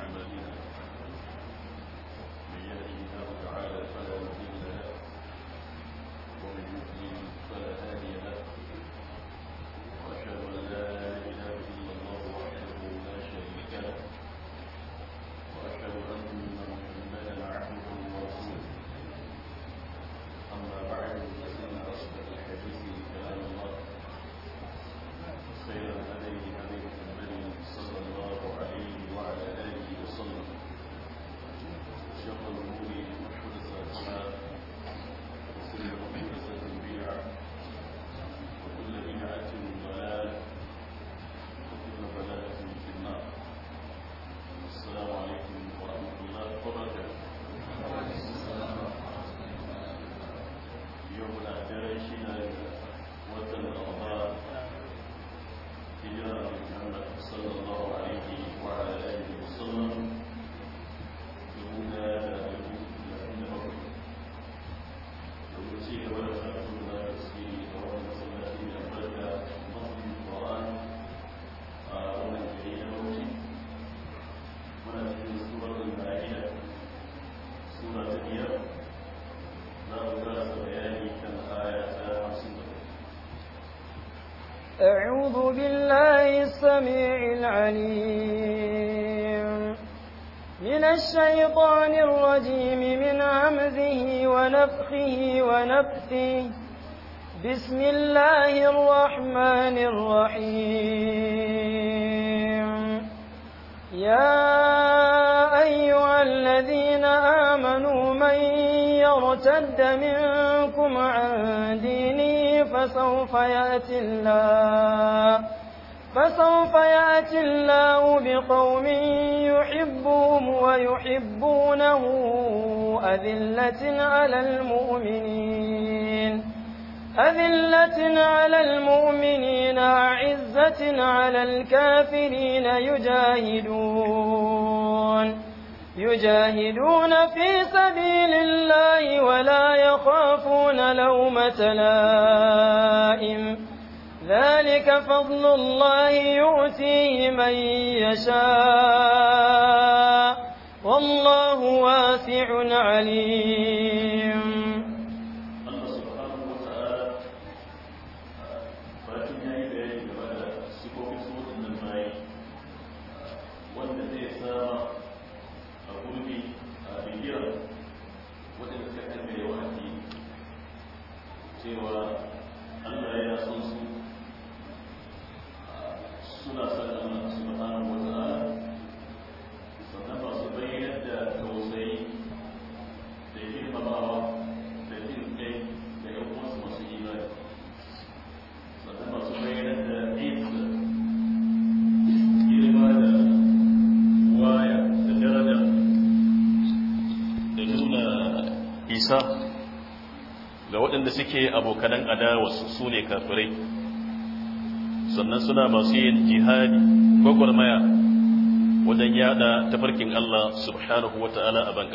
remember. أعوذ بالله السميع العليم من الشيطان الرجيم من عمزه ونفخه ونفثه بسم الله الرحمن الرحيم يا أيها الذين آمنوا من يرتد منكم عن دين فسوف يأتي الله فسوف يأتي الله بقوم يحبهم ويحبونه أذلة على المؤمنين أذلة على المؤمنين أعزة على الكافرين يجاهدون يجاهدون في سبيل الله ولا يخافون لومة لائم ذلك فضل الله يؤتيه من يشاء والله واسع عليم cewa Allah yana son su suna sallama subhanahu wa ta'ala sannan ba da tausayi da girmamawa da jin kai da yan uwansu masu imani sannan da aids isa da waɗanda suke abokanan adawa su ne kafirai sannan suna masu yin jihadi gwagwarmaya wajen yada tafarkin Allah subhanahu wa ta'ala a ban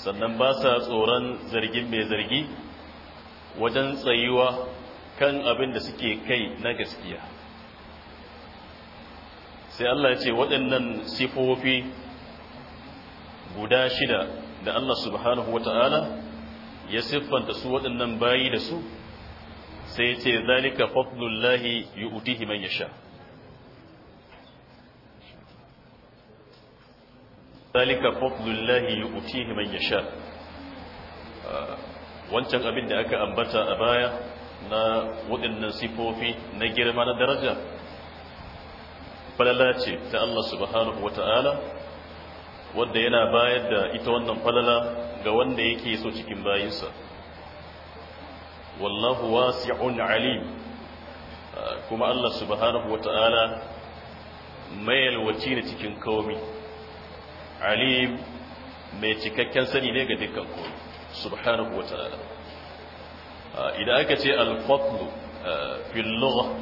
sannan ba sa tsoron zargin mai zargi wajen tsayuwa kan abin da suke kai na gaskiya sai Allah ce waɗannan sifofi guda shida da Allah subhanahu wa ta'ala ya siffanta su waɗannan bayi da su sai ce zalika fadlullahi yu'tihi man yasha zalika fadlullahi yu'tihi man yasha ah, wancan abin da aka ambata a baya na waɗannan sifofi na girma na daraja falala ce ta Allah subhanahu wata'ala wadda yana bayar da ita wannan falala ga wanda yake so cikin bayinsa wallahu wasi'un alim ah, kuma Allah subhanahu wata'ala mai yalwaci ne cikin komi alim mai cikakken sani ne ga dukkan komi subhanahu wata'ala ah, idan aka ce al-fadlu ah,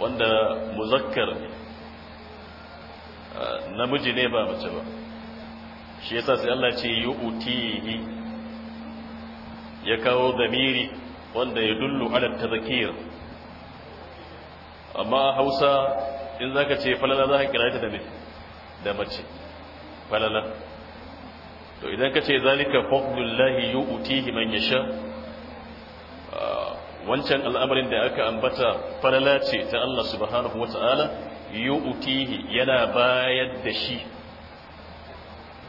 wanda muzakkar namiji ne ba mace ba shi yasa sai Allah ce yu'tihi ya kawo zamiri wanda ya dullu ala tazkir amma Hausa in zaka ce falala zaka kira ta da me da mace falala to idan ka ce zalika fadlullahi yu'tihi man yasha wancan al'amarin da aka ambata falala ce ta Allah subhanahu wata'ala yu'tihi yana bayar da shi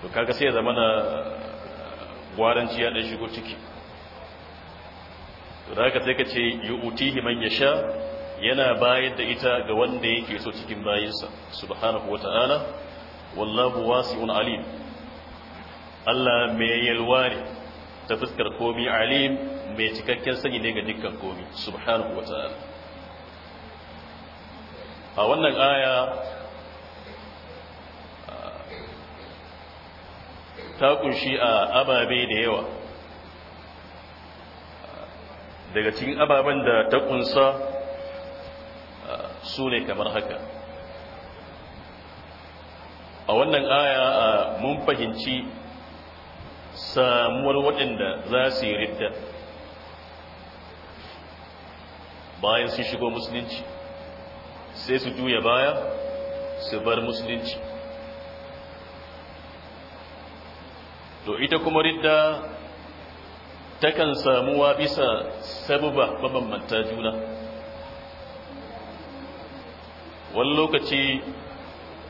to kaga sai ya zama na eh, gwaranci ya dan shigo ciki to da haka sai ka ce utihi man yasha yana bayar da ita ga wanda yake so cikin bayinsa subhanahu wata'ala wallahu wasi'un alim Allah mai yalwa ne ta fuskar komi alim mai cikakken sani ne ga dukkan komi subhanahu wata'ala a wannan aya ta kunshi a ababe da yawa daga cikin ababen da ta kunsa su ne kamar haka a wannan aya mun fahimci samuwar waɗanda za su yi ridda bayan sun shigo musulunci sai su juya baya su bar musulunci to ita kuma ridda takan samuwa bisa sababa mabambanta juna wani lokaci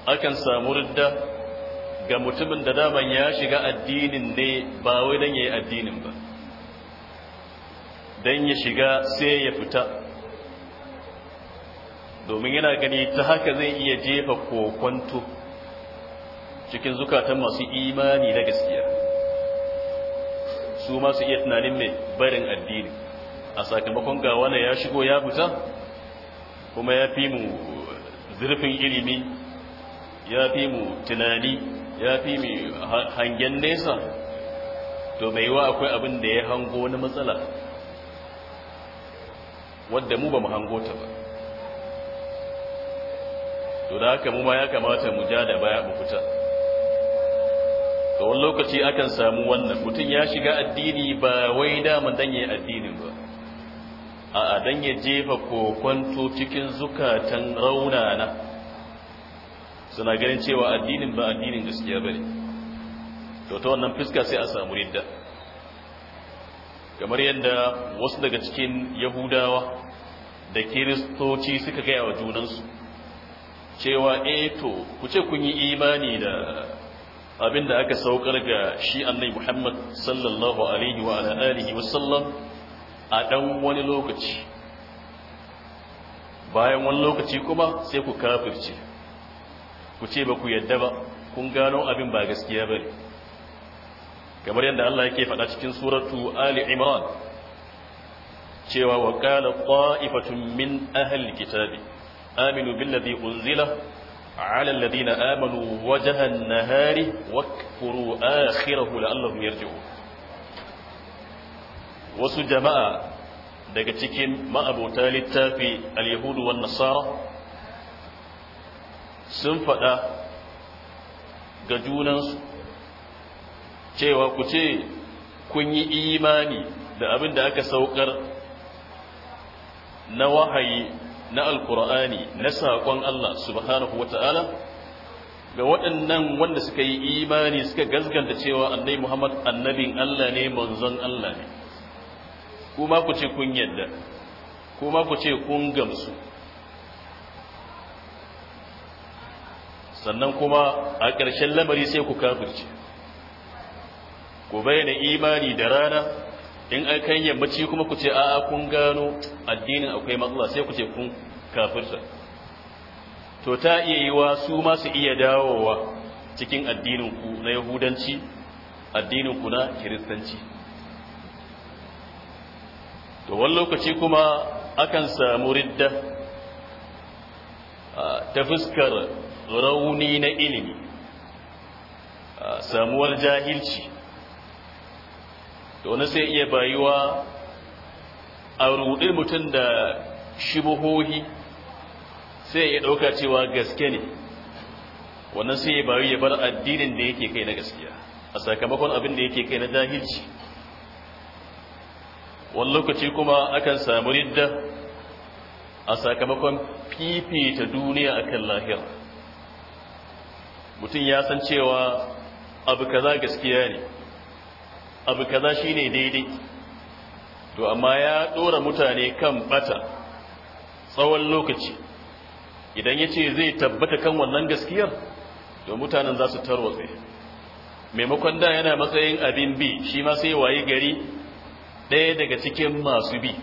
akan samu ridda ga mutumin da daman ya shiga addinin ne ba wai don ya yi addinin ba don ya shiga sai ya fita domin yana gani ta haka zai iya jefa kokwanto cikin zukatan masu imani na gaskiya su ma su iya tunanin mai barin addini a sakamakon ga wani ya shigo ya fita kuma ya fi mu zurfin ilimi ya fi mu tunani ya fi mu hangen nesa to mai wa akwai abin da ya hango wani matsala wadda mu ba mu hango ta ba to da haka mu ma ya kamata mu ja da baya mu fita A wani lokaci akan samu wannan mutum ya shiga addini ba wai dama danye yayi addinin ba a'a a danye jefa kokonto cikin zukatan raunana suna ganin cewa addinin ba addinin gaskiya bane to ta wannan fuska sai a samu ridda kamar yadda wasu daga cikin yahudawa da kiristoci suka gaya wa junansu cewa eto eh ku ce kun yi imani da Abin da aka saukar ga shi annai muhammad sallallahu alaihi wa alihi wasallam a dan wani lokaci bayan wani lokaci kuma sai ku kafirce ku ce ba ku yadda ba kun gano abin ba gaskiya ba ne kamar yadda allah yake faɗa cikin suratu ali imran cewa wa qala qa'ifatun min ahli kitabi aminu billadhi unzila على الذين آمنوا وجه النهار واكفروا آخره لعلهم يرجعون wasu jama'a daga cikin ma'abota littafi al-yahudu wan nasara sun faɗa ga junansu cewa ku ce kun yi imani da abin da aka saukar na wahayi na alkur'ani na saƙon Allah subhanahu wata'ala ta'ala ga waɗannan wanda suka yi imani suka gazganta cewa annai Muhammad annabin Allah ne manzon Allah ne kuma ku ce kun yadda kuma ku ce kun gamsu sannan kuma a ƙarshen lamari sai ku kafirce ku bayyana imani da rana in ai kai yammaci kuma ku ce a'a kun gano addinin akwai matsala sai ku ce kun kafirta to ta iya yi wa su ma su iya dawowa cikin addinin ku na yahudanci addinin ku na kiristanci to wani lokaci kuma akan samu ridda ta fuskar rauni na ilimi samuwar jahilci da wani sai iya bayuwa a ruɗe mutum da shibuhohi sai ya ɗauka cewa gaske ne wannan sai ya bayu ya bar addinin da yake kai na gaskiya a sakamakon abin da yake kai na jahilci wani lokaci kuma akan samu ridda a sakamakon fifita duniya akan lahira mutum ya san cewa abu kaza gaskiya ne abu kaza shine daidai to amma ya dora mutane kan bata tsawon lokaci idan ya ce zai tabbata kan wannan gaskiyar to mutanen za su tarwatse maimakon da yana matsayin abin bi shi ma sai waye gari ɗaya daga cikin masu bi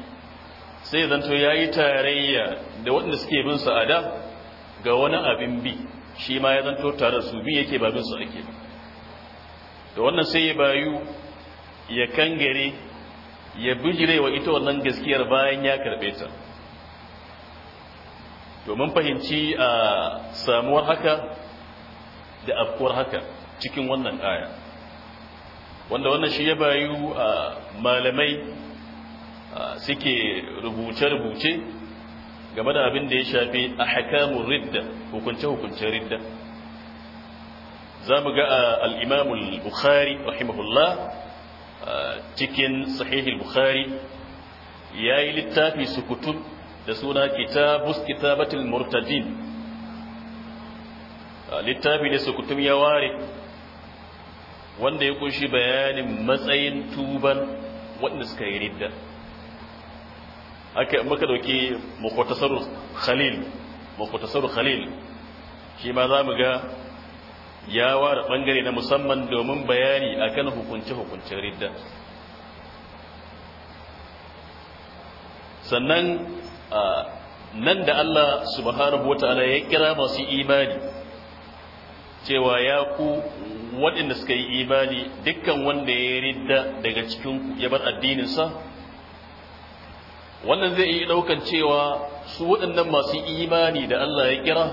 sai zanto ya yi tarayya da waɗanda suke bin sa'ada ga wani abin bi shi ma ya zanto tare su bi yake babin su ake ba da wannan sai ya bayu ya kangare ya bijire wa ita wannan gaskiyar bayan ya karbe ta domin fahimci a samuwar haka da afkuwar haka cikin wannan aya wanda wannan shi ya bayu a malamai suke rubuce-rubuce game da abin da ya shafi a hakamun ridda hukunce-hukunce ridda za mu ga al'imamul bukhari rahimahullah cikin sahihul bukhari yayi littafi kutub da suna kitabus kitabatul murtadin littafi da kutub ya ware wanda ya kunshi bayanin matsayin tuban waɗanda suka yi ridda aka muka dauki mukhtasarul khalil mukhtasarul khalil shi ma zamu ga ya ware bangare na musamman domin bayani akan hukunce-hukuncen ridda sannan nan da Allah subhanahu wata'ala ya kira masu imani cewa ya ku waɗanda suka yi imani dukkan wanda ya ridda daga cikin ya bar addininsa wannan zai iya ɗaukan cewa su waɗannan masu imani da Allah ya kira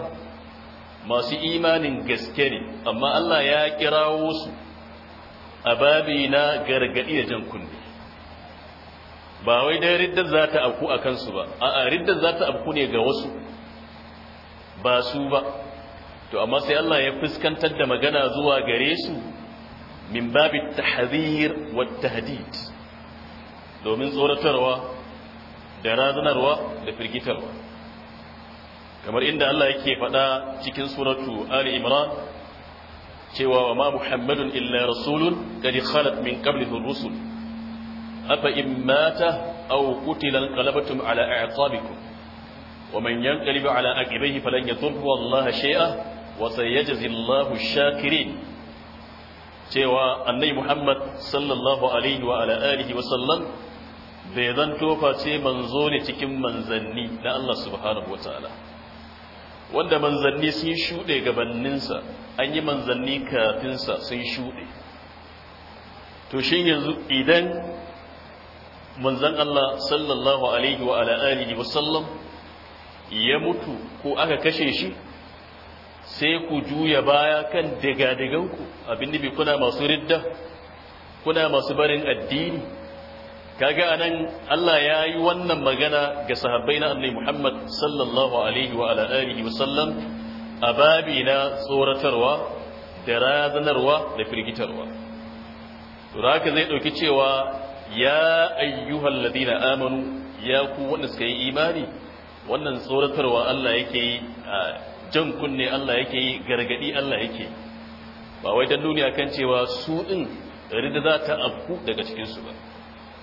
masu imanin gaske ne amma Allah ya kirawo su a babi na gargadi da jan kunne ba wai dai riddar za ta afku a kansu ba a riddar za ta afku ne ga wasu ba su ba to amma sai Allah ya fuskantar da magana zuwa gare su min babi tahzir wa tahdid domin tsoratarwa da razanarwa da firgitarwa kamar inda Allah yake faɗa cikin suratu Ali Imran cewa wa ma Muhammadun illa rasulun qad khalat min qablihi rusul afa in mata aw qutila qalabtum ala a'qabikum wa man yanqalib ala aqibihi falan yadurra Allah shay'a wa sayajzi Allahu shakirin cewa annabi Muhammad sallallahu alaihi wa ala alihi wa sallam bai zan tofa ce manzo ne cikin manzanni na Allah subhanahu wa ta'ala wanda manzanni sun shuɗe gabaninsa an yi manzanni kafinsa sun shuɗe to shin yanzu idan manzan Allah sallallahu alaihi wa ala'alihi wasallam ya mutu ko aka kashe shi sai ku juya baya kan daga-daganku abin da kuna masu ridda kuna masu barin addini kaga anan Allah ya yi wannan magana ga sahabbai na annabi Muhammad sallallahu alaihi wa ala alihi wa sallam a babi na tsoratarwa da razanarwa da firgitarwa to haka zai ɗauki cewa ya ayyuhal ladina amanu ya ku wanda suka yi imani wannan tsoratarwa Allah yake yi jan kunne Allah yake yi gargadi Allah yake ba wai dan duniya kan cewa su din rida za ta afku daga cikin su ba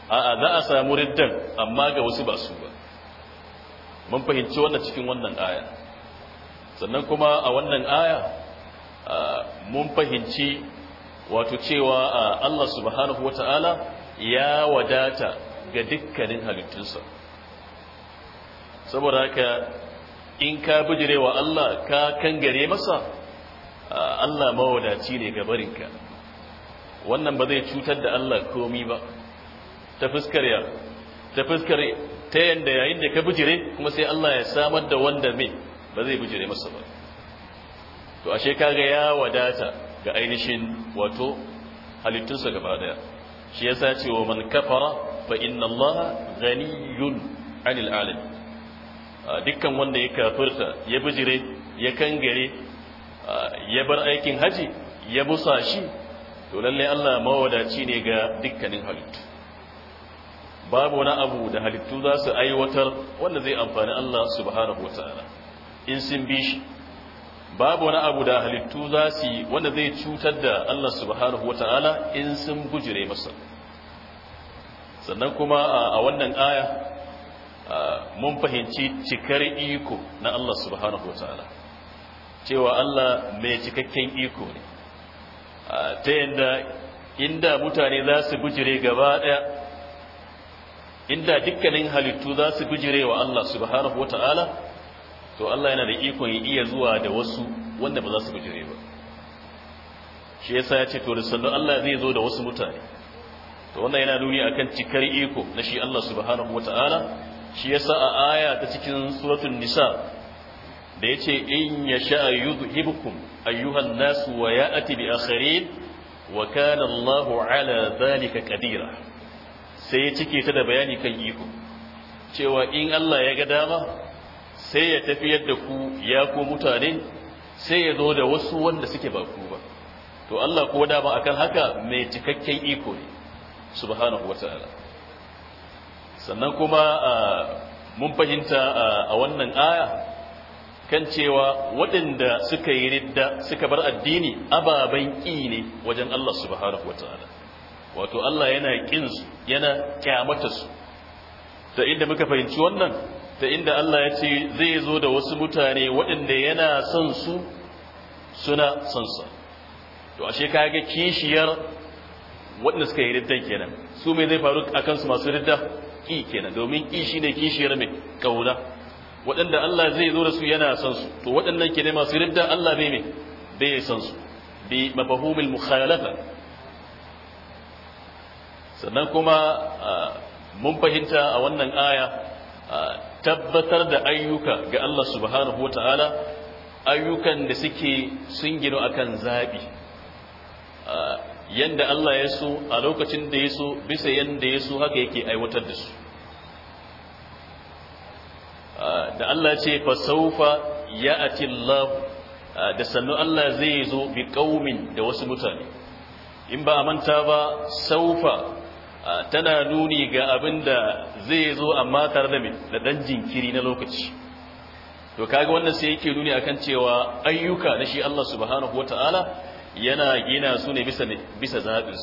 a'a za a samu riddan amma ga wasu ba su ba mun fahimci wannan cikin wannan aya sannan kuma a wannan aya mun fahimci wato cewa Allah subhanahu wata'ala ya wadata ga dukkanin halittunsa saboda haka in ka bijirewa Allah ka kangare masa Allah mawadaci ne ga barinka wannan ba zai cutar da Allah komi ba ta fuskar ya ta fuskar ta yanda yayin da ka bijire kuma sai Allah ya samar da wanda me ba zai bijire masa ba to ashe kaga ya wadata ga ainihin wato halittunsa gaba daya shi yasa cewa man kafara fa inna Allah ghaniyun 'anil 'alamin dukkan wanda ya kafirta ya bijire ya kangare ya bar aikin haji ya busa shi to lallai Allah mawadaci ne ga dukkanin halittu babu wani abu da halittu za su aiwatar wanda zai amfani Allah subhanahu wataala in sun bi shi babu wani abu da halittu za su yi wanda zai cutar da Allah subhanahu wataala in sun bujire masa sannan kuma a wannan aya mun fahimci cikar iko na Allah subhanahu wataala cewa Allah mai cikakken iko ne ta yadda inda mutane za su bujire gaba daya inda dukkanin halittu za su gujire wa Allah subhanahu ta'ala, to Allah yana da ikon iya zuwa da wasu wanda ba za su gujire ba shi yasa ya ce to da Allah zai zo da wasu mutane to wannan yana nuni akan cikar iko na shi Allah subhanahu ta'ala shi yasa a aya ta cikin suratun nisa da yace in ya sha yudhibukum ayyuhan nasu wa ya'ti bi akharin wa kana Allahu ala zalika qadira sai ya cike ta da bayani kan iko cewa in Allah ya ga dama sai ya tafiyar da ku ya ku mutane sai ya zo da wasu wanda suke ba ku ba to Allah ko dama kan haka mai cikakken iko ne subhanahu wata'ala sannan kuma mun fahimta a wannan aya kan cewa waɗanda suka yi ridda suka bar addini ababen ƙi ne wajen Allah subhanahu wata'ala wato Allah yana ƙin su yana kyamata su ta inda muka fahimci wannan ta inda Allah ya ce zai zo da wasu mutane waɗanda yana son su suna son sa to ashe ka ga kishiyar waɗanda suka yi riddan kenan su mai zai faru a kansu masu ridda ki kenan domin shi ne kishiyar mai ƙauna? waɗanda Allah zai zo da su yana son su to waɗannan kenan masu ridda Allah bai mai bai son su bi mafahumil mukhalafa sannan kuma mun fahimta a wannan aya tabbatar da ayyuka ga Allah subhanahu wata'ala ayyukan da suke sun gino a akan zaɓi yanda Allah ya so a lokacin da ya so bisa yanda ya so haka yake aiwatar da su da Allah ce fa saufa ya'ati da sannu Allah zai zo bi ƙaumin da wasu mutane in ba a manta ba saufa tana nuni ga abin da zai zo amma tare da da ɗan jinkiri na lokaci to kaga wannan sai yake nuni akan cewa ayyuka na shi Allah subhanahu wataala yana gina su ne bisa bisa zabin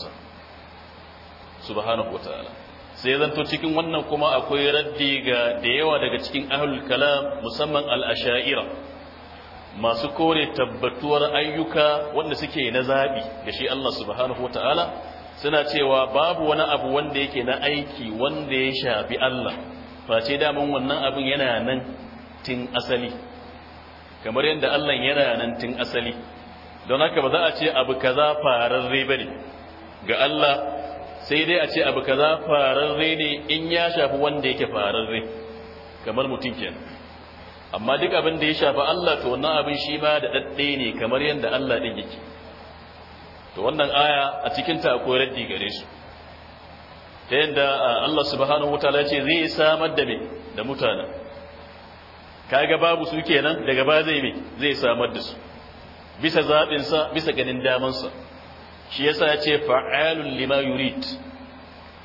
subhanahu wataala sai zanto cikin wannan kuma akwai raddi ga da yawa daga cikin ahlul kalam musamman al-asha'ira masu kore tabbatuwar ayyuka wanda suke na zabi da shi Allah subhanahu wataala suna cewa babu wani abu wanda yake na aiki wanda ya shafi Allah face daman wannan abin yana nan tun asali kamar yadda Allah yana nan tun asali don haka ba za a ce abu kaza fararre bane ga Allah sai dai a ce abu kaza fararre ne in ya shafi wanda yake fararre kamar mutum kenan amma duk abin da ya shafi Allah to wannan abin shi ba da dadde ne kamar yadda Allah din yake to wannan aya a cikin ta akwai raddi gare su ta yadda Allah subhanahu wataala ce zai samar da me da mutanen kaga babu su kenan daga ba zai me zai samar da su bisa zaɓinsa bisa ganin sa. shi yasa ya ce fa'alun lima yurid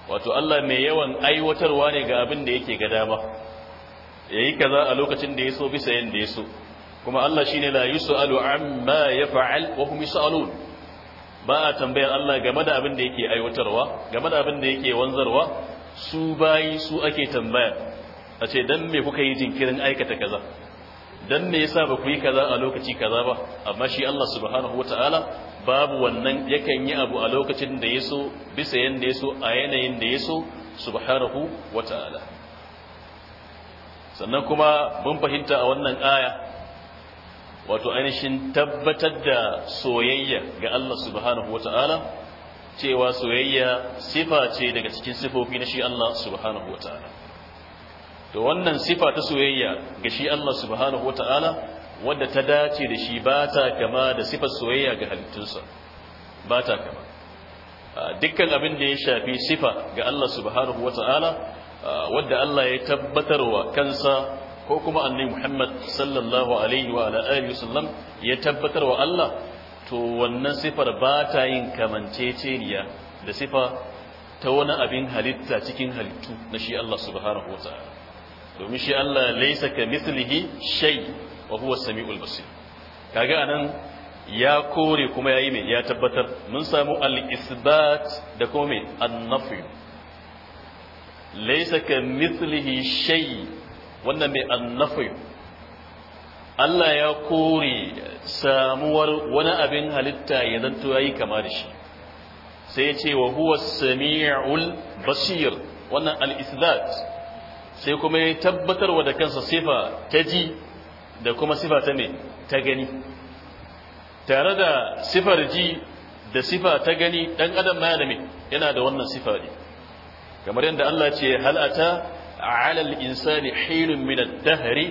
wato Allah mai yawan aiwatarwa ne ga abin da yake ga dama yayi kaza a lokacin da ya so bisa yanda ya so kuma Allah shine la yusalu amma yaf'al wa hum yusalun ba a tambayar Allah game da abin da yake aiwatarwa game da abin da yake wanzarwa su bayi su ake tambaya a ce don me kuka yi jinkirin aikata kaza Don me yasa ba ku yi kaza a lokaci kaza ba amma shi Allah subhanahu wataala babu wannan yakan yi abu a lokacin da ya so, bisa ya so, a yanayin da yaso subhanahu wataala sannan kuma mun fahimta a wannan aya wato ainihin tabbatar da soyayya ga Allah subhanahu wata'ala cewa soyayya sifa ce daga cikin sifofi na shi Allah subhanahu wata'ala to wannan sifa ta soyayya ga shi Allah subhanahu wata'ala wadda ta dace da shi ba ta kama da sifar soyayya ga halittunsa ba ta kama dukkan abin da ya shafi sifa ga Allah subhanahu wata'ala wadda Allah ya tabbatarwa kansa ko kuma annabi Muhammad sallallahu alaihi wa ala alihi wasallam ya tabbatar wa Allah to wannan sifar ba ta yin kamanceceniya da sifa ta wani abin halitta cikin halittu na shi Allah subhanahu wa ta'ala domin shi Allah laysa ka mithlihi shay wa huwa samiul basir kaga anan ya kore kuma yayi mai ya tabbatar mun samu al-isbat da kuma an-nafi laysa ka mithlihi shay wannan ne annafi Allah ya kore samuwar wani abin halitta ya zanto yayi kama da shi sai ya ce wa huwa samiul basir wannan al sai kuma ya tabbatarwa da kansa sifa ta ji da kuma sifa ta ne ta gani tare da sifar ji da sifa ta gani dan adam na da me yana da wannan sifa ne kamar yadda Allah ce hal ata على الإنسان حين من الدهر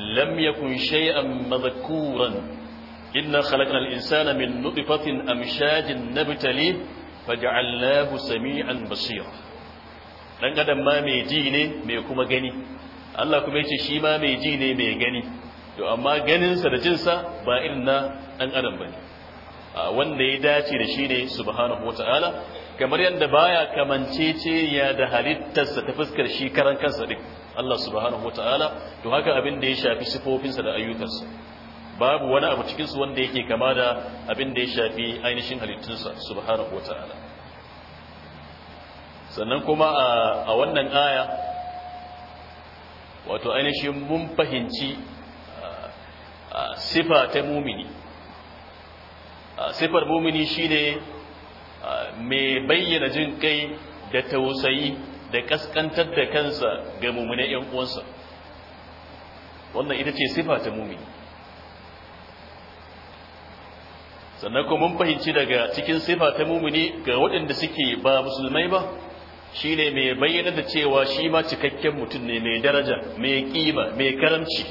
لم يكن شيئا مذكورا إنا خلقنا الإنسان من نطفة أمشاج نبتليه فجعلناه سميعا بصيرا ɗan adam ma mai ji ne mai kuma gani Allah kuma yace shi ma mai ji ne mai gani to amma ganinsa da jinsa ba irin na ɗan adam bane ah, wanda ya dace da shi ne subhanahu wataala kamar yadda baya ya da halittarsa ta fuskar shi karan kansa din Allah subhanahu wataala to haka abin da ya shafi sifofinsa da ayyukansa babu wani abu cikin su wanda yake kama da abin da ya shafi ainihin halittunsa subhanahu wataala sannan kuma a wannan aya wato ainihin mun fahimci sifa ta mumini sifar mumini shine mai bayyana jin kai da tausayi da kaskantar da kansa ga mummunan yan uwansa wannan ita ce sifa ta mummi. sannan kuma mun fahimci daga cikin sifa ta mummuni ga waɗanda suke ba musulmai ba shine mai bayyana da cewa shi ma cikakken mutum ne mai daraja mai ƙima, mai karamci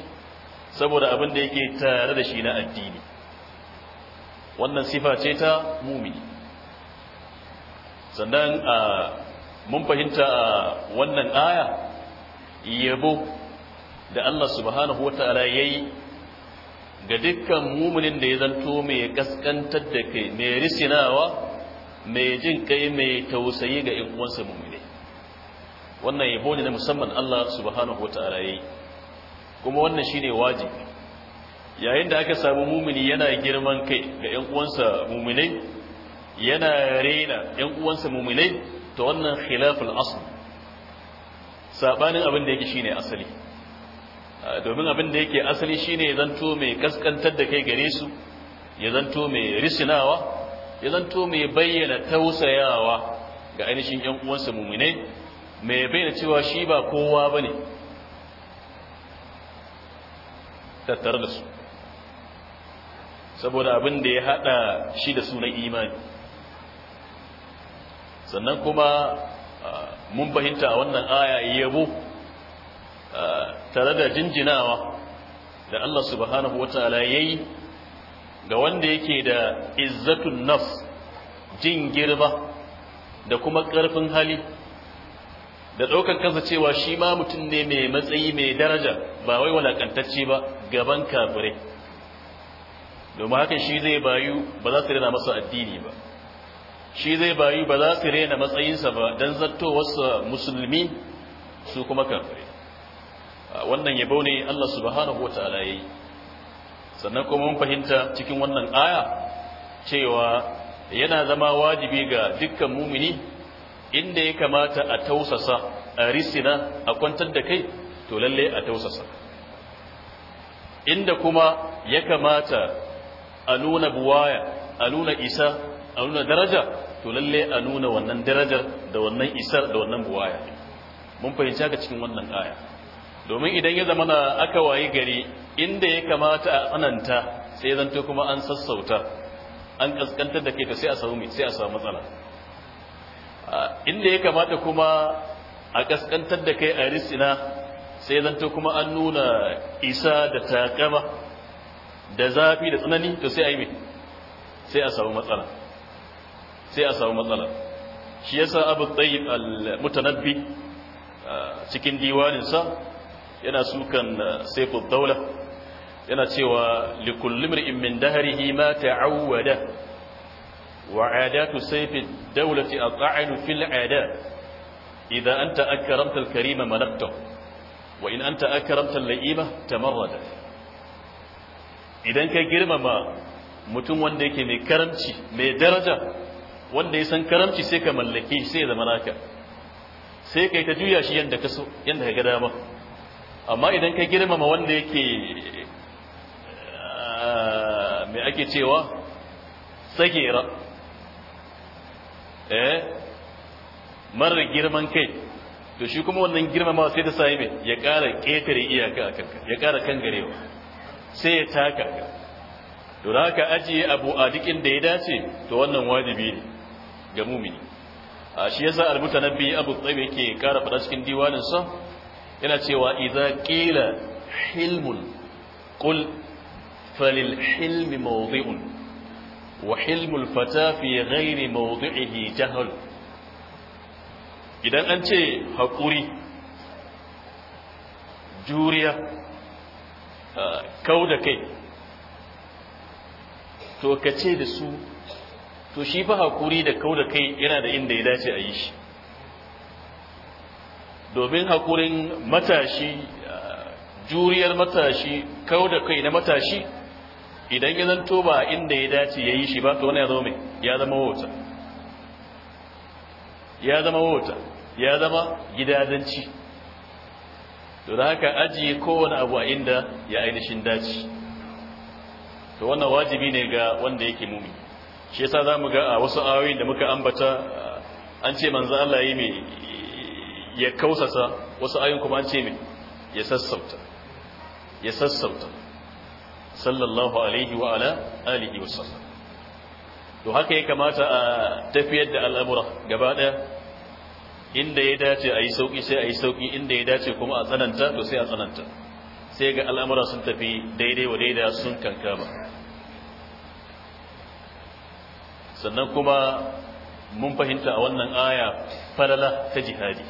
saboda abin da yake tare da shi na addini wannan sifa ce ta mummi. sannan mun fahimta a wannan aya yabo da Allah subhanahu wata'ala yayi ga dukkan muminin da ya zanto mai kaskantar da kai mai risinawa mai jin kai mai tausayi ga ƴan uwansa mumine wannan yabo ne na musamman Allah subhanahu wata'ala yayi kuma wannan shine wajibi yayin da aka samu mumini yana girman kai ga 'yan uwansa mumine yana rena yan uwansa mummunai ta wannan khilafin asu Saɓanin abin da yake shine asali domin abin da yake asali shine ya zanto mai kaskantar da kai gare su ya zanto mai risinawa ya zanto mai bayyana tausayawa ga ainihin yan uwansa muminai mai bayyana cewa shi ba kowa ba ne tattare da su saboda abin da ya haɗa shi da sunan imani sannan kuma mun fahimta a wannan aya yabo tare da jinjinawa da Allah subhanahu ya yayi ga wanda yake da izzatun nafs jin girma, da kuma ƙarfin hali da ɗaukar kansa cewa shi ma mutum ne mai matsayi mai daraja ba wai walakantacce ba gaban kafirai domin hakan shi zai bayu ba za su rina masa addini ba shi zai bayu ba za su rena matsayinsa ba don zato wasu musulmi su kuma kafirai wannan yabo ne Allah subhanahu wataala yayi sannan kuma mun fahimta cikin wannan aya cewa yana zama wajibi ga dukkan mumini inda ya kamata a tausasa a risina a kwantar da kai to lalle a tausasa inda kuma ya kamata a nuna buwaya a nuna isa a nuna daraja to lalle a nuna wannan darajar da wannan isar da wannan buwaya mun fahimci haka cikin wannan aya domin idan ya zama aka wayi gari inda ya kamata a tsananta, sai zanto kuma an sassauta an kaskantar da ke ta sai a samu sai a samu matsala inda ya kamata kuma a kaskantar da kai a risina sai zanto kuma an nuna isa da takama da zafi da tsanani to sai a yi sai a samu matsala sai a samu matsala shi yasa abu tayyib al-mutanabbi cikin diwaninsa yana sukan saifu daula yana cewa likulli mar'in min dahrihi ma ta'awwada wa 'adatu sayfid dawlati at'anu fil 'ada idha anta akramta al-karima malakta wa in anta akramta al-la'ima tamarrada idan ka girmama mutum wanda yake mai karamci mai daraja wanda ya san karamci sai ka mallake shi sai ya zama naka sai kai ta juya shi yadda ka so yadda ka ga dama amma idan ka girmama wanda yake ah, mai ake cewa tsagera eh mar girman kai to shi kuma wannan girmama sai ta sami mai ya kara ƙetare iyaka a kanka ya kara kan garewa sai ya taka ka to da haka ajiye abu a dukin da ya dace to wannan wajibi ne ga mumini a shi yasa al-mutanabbi Abu Tsaib yake kara fada cikin diwanin sa yana cewa idza qila hilmun qul falil hilmi mawdi'un wa hilmul fata fi ghairi mawdi'ihi jahl idan an ce hakuri juriya kauda kai to kace da su to shi fa hakuri da kau da kai yana da inda ya dace a yi shi domin hakurin matashi eh, juriyar matashi kau da kai na matashi idan ya zanto ba inda ya dace ya yi shi ba to wani ya zama mai ya zama wata ya zama wata ya zama gidadanci to da haka ajiye kowane abu a inda ya ainihin dace to wannan wajibi ne ga wanda yake mumi shi yasa zamu ga a wasu ayoyin da muka ambata an ce manzo Allah yi me ya kausasa wasu ayoyin kuma an ce me ya sassauta ya sassauta sallallahu alaihi wa ala alihi wa sallam to haka ya kamata a tafiyar da al'amura gaba daya inda ya dace a yi sauƙi sai a yi sauƙi inda ya dace kuma a tsananta to sai a tsananta sai ga al'amura sun tafi daidai wa daidai sun kankama sannan kuma mun fahimta a wannan aya falala ta jihadi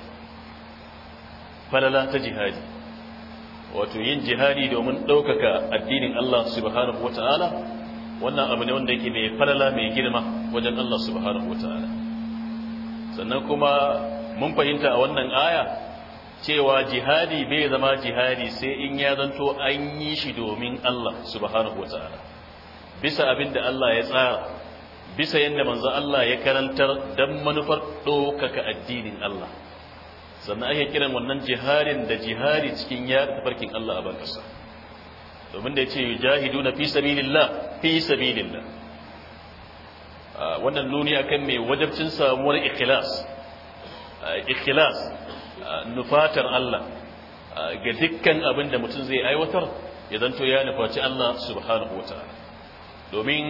falala ta jihadi wato yin jihadi domin ɗaukaka addinin Allah subhanahu wata'ala wannan abu ne wanda yake mai falala mai girma wajen Allah subhanahu wata'ala sannan kuma mun fahimta a wannan aya cewa jihadi bai zama jihadi sai in ya zanto an yi shi domin Allah subhanahu wa ta'ala bisa abin da Allah ya tsara bisa yadda manzo Allah ya karantar don manufar ɗaukaka addinin Allah sannan ake kiran wannan jiharin da jihari cikin yaɗa tafarkin Allah a bankasa domin da ya ce yi jahidu na fi sabilillah fi sabilillah wannan nuni akan mai wajabcin samuwar ikhlas ikhlas nufatar Allah ga dukkan abin da mutum zai aiwatar ya zanto ya nufaci Allah subhanahu wa ta'ala domin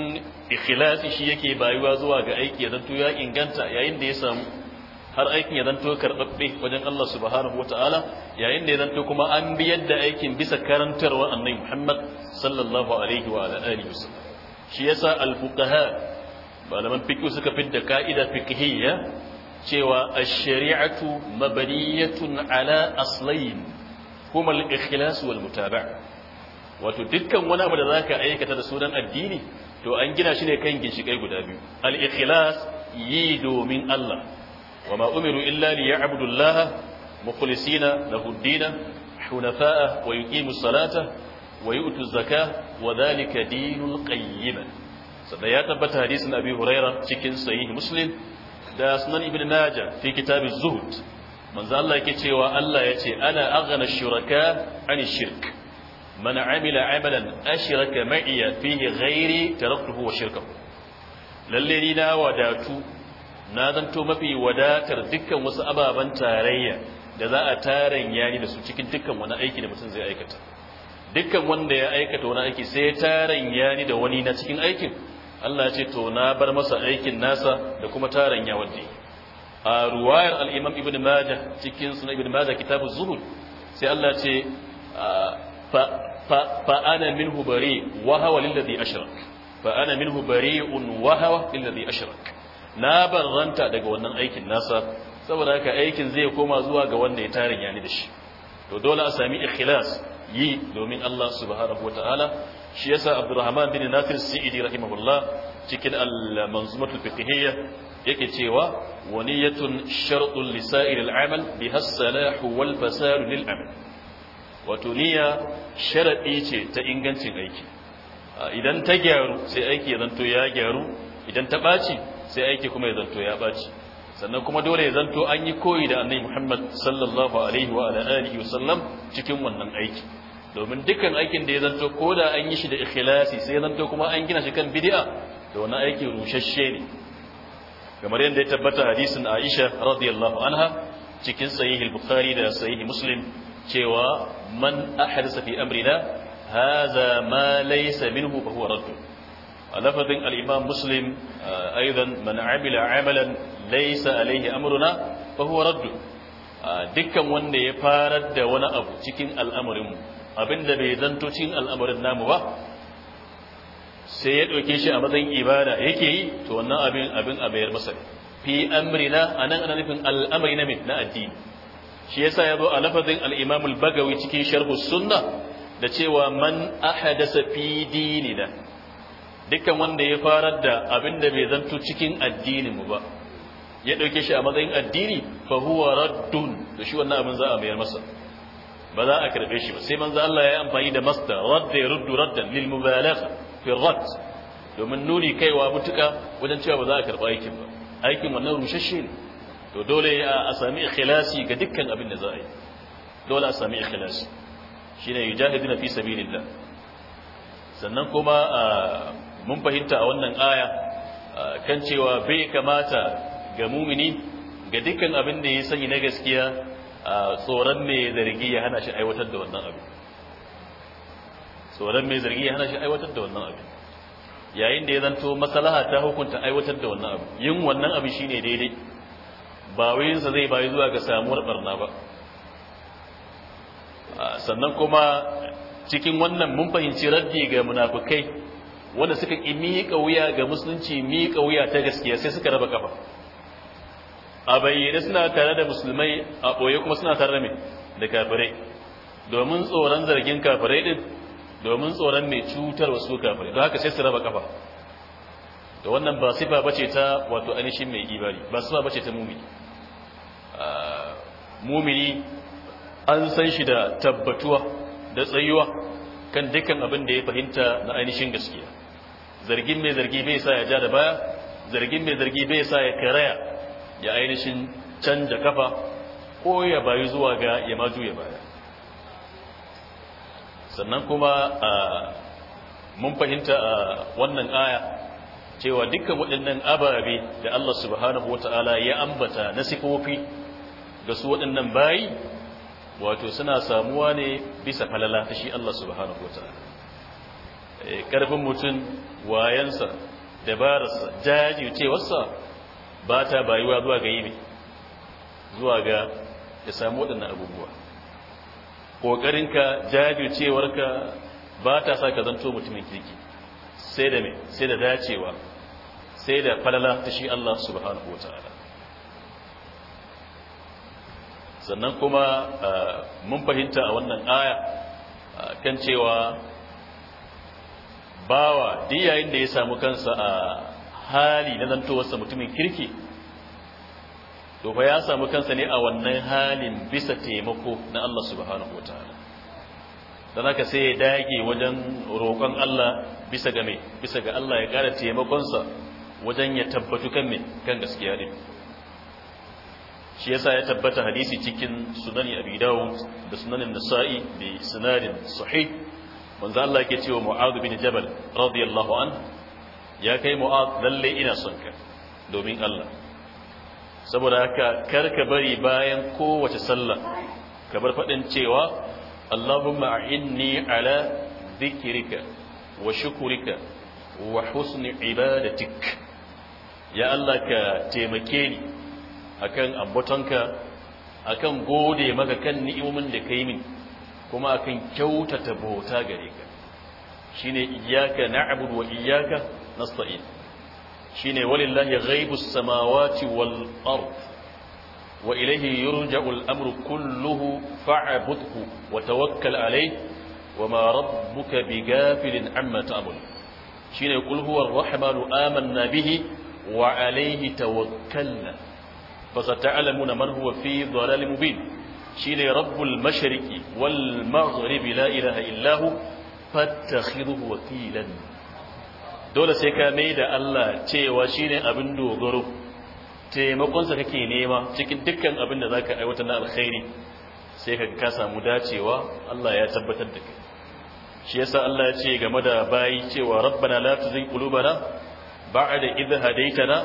ikhlasi shi yake bayuwa zuwa ga aiki ya zanto ya inganta yayin da ya samu har aikin ya zanto karɓaɓɓe wajen Allah subhanahu wata'ala yayin da ya zanto kuma an bi yadda aikin bisa karantarwa annabi Muhammad sallallahu alaihi wa alihi shi yasa al-fuqaha malaman fiqh suka fidda ka'ida fiqhiyya cewa ash-shari'atu mabniyatun ala aslayn huma al-ikhlas wal mutaba'a wato dukkan wani abu da zaka aikata da sunan addini to an gina shi ne kan ginshikai guda biyu al yi domin Allah wa ma umiru illa li ya'budu Allah mukhlisina lahu ad hunafa'a wa yi as-salata wa yi utuzaka wa dhalika dinul qayyim sada ya tabbata hadisin abi huraira cikin sahih muslim da sunan ibn majah fi kitab zuhud manzo Allah yake cewa Allah ce ana aghna shuraka ani shirk man amila amalan ashraka ma'iya fihi ghairi taraktuhu wa shirkahu lalle ni na wadatu na zanto mafi wadatar dukkan wasu ababan tarayya da za a taran yayi da su cikin dukkan wani aiki da mutum zai aikata dukkan wanda ya aikata wani aiki sai taran yayi da wani na cikin aikin Allah ce to na bar masa aikin nasa da kuma taran ya wadda a ruwayar al-Imam Ibn Majah cikin sunan Ibn Majah kitabu Zuhud sai Allah ce fa fa ana minhu bari lillazi ashrak fa ana bari'un wahawa lillazi ashrak na barranta daga wannan aikin nasa saboda haka aikin zai koma zuwa ga wanda ya tarin yani da shi to dole a sami ikhlas yi domin Allah subhanahu wataala shi yasa Abdurrahman bin Nasir Sa'idi rahimahullah cikin al-manzumatul fiqhiyya yake cewa waniyatun shartun lisa'il al-amal biha as-salah wal fasad lil-amal wato niyya sharaɗi ce ta ingancin aiki idan ta gyaru sai aiki ya zanto ya gyaru idan ta ɓaci sai aiki kuma ya zanto ya ɓaci sannan kuma dole ya zanto an yi koyi da annabi Muhammad sallallahu alaihi wa alihi sallam cikin wannan aiki domin dukkan aikin da ya zanto ko da an yi shi da ikhlasi sai ya zanto kuma an gina shi kan bid'a da wannan aiki rushashshe ne kamar yadda ya tabbata hadisin Aisha radiyallahu anha cikin sahih al-Bukhari da sahih Muslim cewa man ahdasa fi amrina hadha ma laysa minhu fa huwa radd lafazin al-imam muslim uh, aidan man amila amalan laysa alayhi amruna fa huwa radd uh, dukkan wanda ya farar da wani abu cikin al'amarin mu abinda bai zanto cikin al'amarin namu ba sai ya dauke shi a matsayin ibada yake yi to wannan abin abin a bayar masa fi amrina anan ana nufin al'amari na na addini shi yasa yazo a lafazin al-Imam al-Bagawi cikin sharh sunna da cewa man ahadasa fi dinina dukkan wanda ya farar da abinda bai zanto cikin addinin ba ya dauke shi a matsayin addini fa huwa raddun da shi wannan abin za a mayar masa ba za a karbe shi ba sai manzo Allah ya amfani da masdar radda yaruddu raddan lil mubalagha fi radd domin nuni kaiwa mutuka wajen cewa ba za a karba aikin ba aikin wannan rushashe ne to dole a sami ikhlasi ga dukkan abin da za a yi dole a sami ikhlasi shine yujahiduna fi sabilillah sannan kuma mun fahimta a wannan aya kan cewa bai kamata ga mumini ga dukkan abin da ya sani na gaskiya tsoron mai zargi ya hana shi aiwatar da wannan abin tsoron mai zargi ya hana shi aiwatar da wannan abin yayin da ya zanto maslaha ta hukunta aiwatar da wannan abin yin wannan abin shine daidai ba wayinsa zai bayi zuwa ga samuwar barna ba sannan kuma cikin wannan mun fahimci raddi ga munafukai wanda suka ki miƙa wuya ga musulunci miƙa wuya ta gaskiya sai suka raba kafa a bayyane suna tare da musulmai a ɓoye kuma suna tare da kafirai domin tsoron zargin kafirai ɗin domin tsoron mai cutar wasu kafirai don haka sai su raba kafa da wannan ba sifa bace ta wato ainihin mai ibari ba sifa bace ta mumi mumini an san shi da tabbatuwa da tsayuwa kan dukkan abin da ya fahimta na ainihin gaskiya zargin mai zargi bai sa ya ja da baya zargin mai zargi bai sa ya karaya ya ainihin canja kafa ko ya bayu zuwa ga ya maju ya baya sannan kuma mun fahimta a wannan aya cewa dukkan waɗannan ababe da Allah subhanahu ta'ala ya ambata na sifofi ga su waɗannan bayi wato suna samuwa ne bisa falala ta shi Allah subhanahu wataala eh, ƙarfin mutum wayansa dabararsa jajircewarsa ba ta bayuwa zuwa ga yi zuwa ga ya samu waɗannan abubuwa ƙoƙarinka jajircewarka ba ta sa ka zanto mutumin kirki sai da mai sai da dacewa sai da falala ta shi Allah subhanahu wataala sannan kuma mun fahimta a wannan aya kan cewa bawa duk yayin da ya samu kansa a hali na zantowarsa mutumin kirki to ya samu kansa ne a wannan halin bisa taimako na Allah subhanahu wataala dan haka sai ya dage wajen roƙon Allah bisa ga me bisa ga Allah ya ƙara taimakonsa wajen ya tabbatu kan me kan gaskiya din shi yasa ya tabbata hadisi cikin sunani abi dawud da sunanin nasa'i bi sanadin sahih manzo Allah yake cewa mu'adh bin jabal radiyallahu an ya kai mu'adh lalle ina son ka domin Allah saboda haka kar ka bari bayan kowace sallah ka bar fadin cewa Allahumma a'inni ala dhikrika wa shukrika wa husni ibadatik ya Allah ka taimake ni akan ambatonka akan gode maka kan ni'imomin da kai min kuma akan kyautata bauta gare ka shine iyyaka na'budu wa iyyaka nasta'in shine walillahi ghaibus samawati wal ard wa ilayhi yurja'ul amru kulluhu fa'budhu wa tawakkal alayhi wa ma rabbuka bighafilin amma ta'mal shine qul huwa ar-rahmanu amanna bihi wa alayhi tawakkalna فستعلمون من هو في ضلال مبين شيني رب المشرق والمغرب لا إله إلا هو فاتخذه وكيلا dole sai ka mai da Allah cewa shine abin dogaro taimakonsa kake nema cikin dukkan abin da zaka aiwata na alkhairi sai ka ka samu dacewa Allah ya tabbatar da kai shi yasa Allah ya ce game da bayi cewa rabbana la tuzigh qulubana ba'da idh hadaytana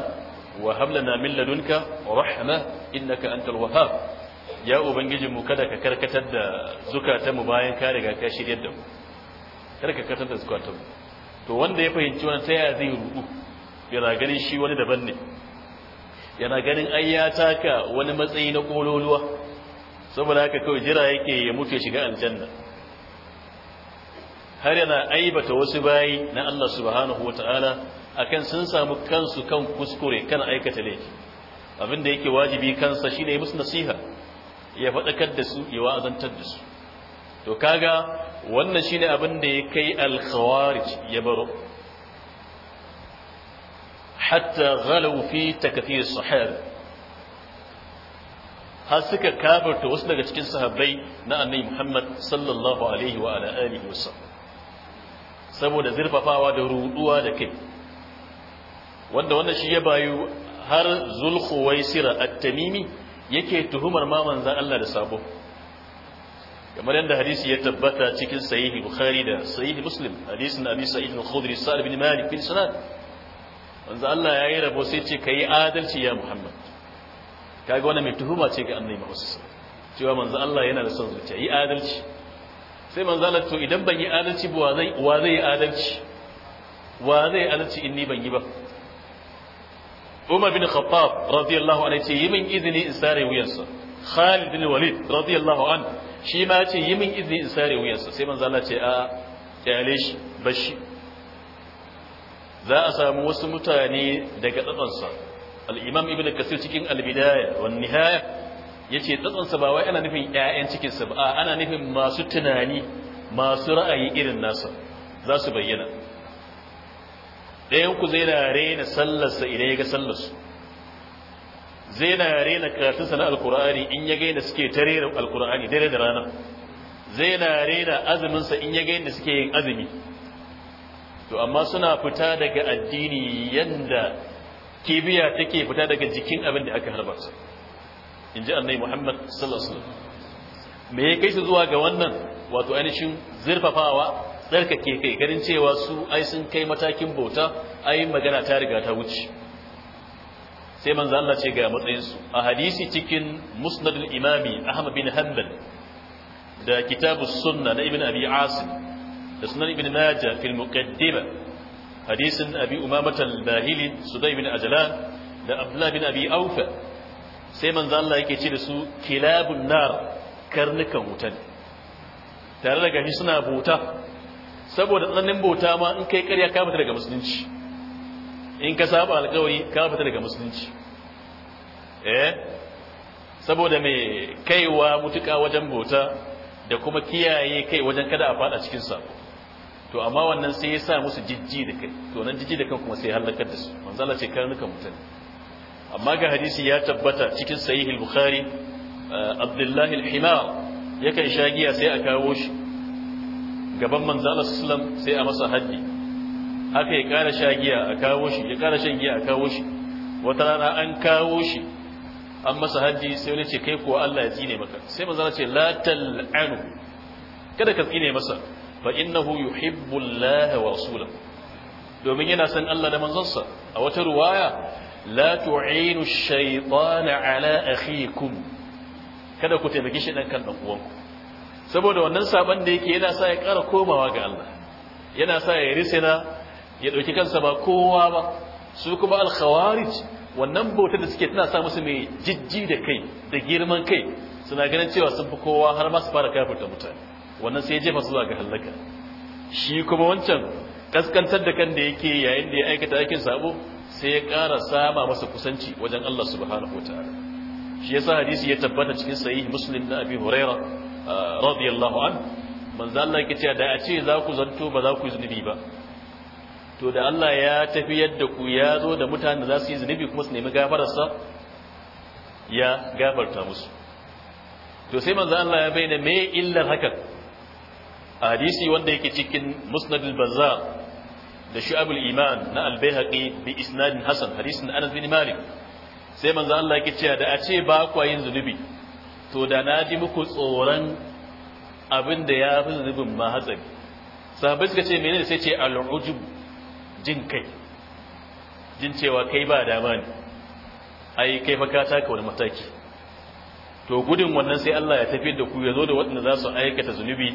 wa hablana min ladunka rahma innaka antal wahhab ya ubangijin kada ka karkatar da zukatan bayan ka riga ka kada ka karkatar da to wanda ya fahimci wani ta yaya zai rubu yana ganin shi wani daban ne yana ganin ai ya taka wani matsayi na kololuwa saboda haka kawai jira yake ya mutu ya shiga aljanna har yana aibata wasu bayi na Allah subhanahu wataala akan sun samu kansu kan kuskure kan aikata laifi abinda yake wajibi kansa shine ya musu nasiha ya faɗakar da su ya wa'azantar da su to kaga wannan shine abin da ya kai al-khawarij ya baro hatta ta fi takfir sahab har suka kafirta wasu daga cikin sahabbai na annabi Muhammad sallallahu alaihi wa ala alihi wasallam saboda zirfafawa da ruduwa da kai wanda wanda shi ya bayu har zulkhuwaisira at-tamimi yake tuhumar ma manzon Allah da sabo kamar yadda hadisi ya tabbata cikin sahihi bukhari da sahihi muslim hadisin abi sa'id al-khudri sa'id bin malik bin sanad manzon Allah ya yi rabo sai ce yi adalci ya muhammad Ka ga wani mai tuhuma ce ga annabi sa. cewa manzon Allah yana da son zuciya yi adalci sai manzon Allah to idan ban yi adalci ba wa zai wa zai adalci wa zai adalci in ni ban yi ba umar bin khattab radiyallahu anhu ce yi min izini in sare wuyansa khalid bin walid radiyallahu an shi ma ce yi min izini in sare wuyansa sai manzo Allah ce a kyale shi bashi za a samu wasu mutane daga tsatsansa al-imam ibnu kasir cikin al-bidaya wan nihaya yace tsatsansa ba wai ana nufin ƴaƴan cikin sa ba ana nufin masu tunani masu ra'ayi irin nasa za su bayyana ɗayan ku zai na rena sallarsa idan ya ga sallarsu zai na rena karatunsa na alkur'ani in ya gaina suke ta rera alkur'ani dare da rana zai na rena azuminsa in ya gaina suke yin azumi to amma suna fita daga addini yadda kibiya take fita daga jikin abin da aka harba in ji annai muhammad sallallahu me ya kai su zuwa ga wannan wato ainihin zurfafawa ke kai ganin cewa su ai sun kai matakin bauta ai magana ta riga ta wuce sai manzo Allah ce ga matsayinsu a hadisi cikin musnad imami Ahmad bin Hanbal da kitab sunna na ibn abi asim da sunan ibn majah fil muqaddima hadisin abi umamah al-bahili sudai bin ajlan da abdullah bin abi aufa sai manzo Allah yake ce da su kilabun nar karnukan wutan tare da gashi suna buta. saboda tsananin bauta ma in kai karya ka fita daga musulunci in ka saba alkawari ka fita daga musulunci eh saboda mai kaiwa mutuka wajen bauta da kuma kiyaye kai wajen kada a fada cikin sa to amma wannan sai ya sa musu jijji da kai to nan jijji da kan kuma sai halakar da su manzo Allah ce karnuka mutane amma ga hadisi ya tabbata cikin sahih al-bukhari eh, abdullahi al-himar yakan shagiya sai a kawo shi gaban manzala sallam sai a masa haddi haka ya kara sha giya a kawo shi ya kara shan giya a kawo shi wata rana an kawo shi an masa haddi sai wani ce kai kuwa Allah ya tsine maka sai manzala ce la tal'anu kada ka tsine masa fa innahu yuhibbu Allah wa rasulahu domin yana san Allah da manzonsa a wata ruwaya la tu'inu shaytana ala akhikum kada ku taimaki shi dan kan dan uwanku saboda wannan saban da yake yana sa ya ƙara komawa ga Allah yana sa ya risina ya ɗauki kansa ba kowa ba su kuma alkhawarij wannan bautar da suke tana sa musu mai jijji da kai da girman kai suna ganin cewa sun fi kowa har ma su fara kafirta mutane wannan sai ya jefa su zuwa ga halaka shi kuma wancan kaskantar da kan da yake yayin da ya aikata aikin sabo sai ya ƙara sama masa kusanci wajen Allah subhanahu wataala shi yasa hadisi ya tabbata cikin sahih muslim na abi hurairah radiyallahu an manzo Allah yake cewa da a ce za ku zanto ba za ku yi zunubi ba to da Allah ya tafi yadda ku ya zo da mutanen da za su yi zunubi kuma su nemi gafararsa ya gafarta musu to sai manzo Allah ya bayyana me illar hakan a hadisi wanda yake cikin musnad al-bazzar da shu'ab iman na al bi isnadin hasan hadisin Anas bin Malik sai manzo Allah yake cewa da a ce ba ku yin zunubi to da na ji muku tsoron abin da ya fi zubin ma hatsari suka ce mene sai ce al'ujub jin kai jin cewa kai ba dama ne ai kai fa ka wani mataki to gudun wannan sai Allah ya tafi da ku ya zo da waɗanda za su aikata zunubi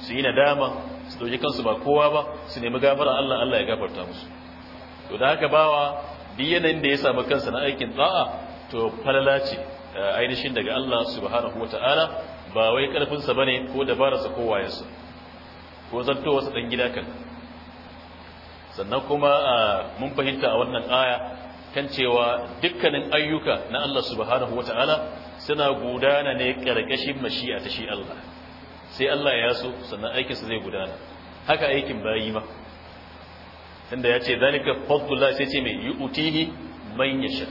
su yi nadama su doji kansu ba kowa ba su nemi gafara Allah Allah ya gafarta musu to da haka bawa biyanan da ya samu kansa na aikin da'a to falala Eh, ainihin daga Allah subhanahu ta'ala ba wai karfinsa bane ko dabararsa ko wayensa ko zanto wasu dan gida kan sannan kuma eh, mun fahimta a wannan aya kan cewa dukkanin ayyuka na Allah subhanahu ta'ala suna gudana ne karkashin mashi'a ta shi Allah sai Allah ya so sannan aikinsa zai gudana haka aikin ba yi ba tunda ya ce zalika fadlullah sai ce mai yu'tihi man yasha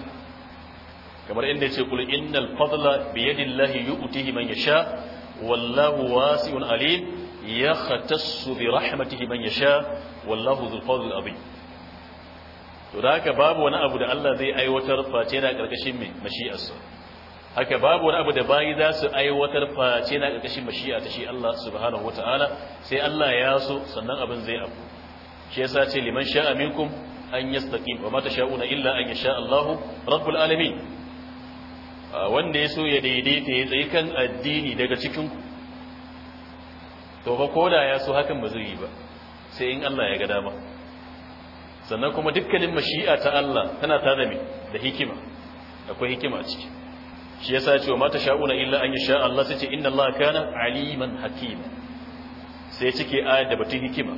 kamar inda yace kul innal fadla bi yadillahi yu'tihi man yasha wallahu wasi'un alim yakhtassu bi rahmatihi man yasha wallahu dhul fadli azim to da haka babu wani abu da Allah zai aiwatar face na karkashin me mashi'arsa haka babu wani abu da bayi za su aiwatar face na karkashin mashi'a ta shi Allah subhanahu wataala sai Allah ya so sannan abin zai abu shi yasa ce liman sha'a minkum an yastaqim wa ma tasha'una illa an yasha Allahu rabbul alamin Ah, wanda ya so ya daidaita ya tsaye kan addini daga cikin ku to fa koda ya so hakan ba zai yi ba sai in Allah ya ga dama sannan kuma dukkanin mashi'a ta Allah tana tare da da hikima akwai hikima a ciki shi yasa ce wa mata sha'una illa an yasha Allah sai ce inna Allah kana aliman hakima sai cike ayat da batun hikima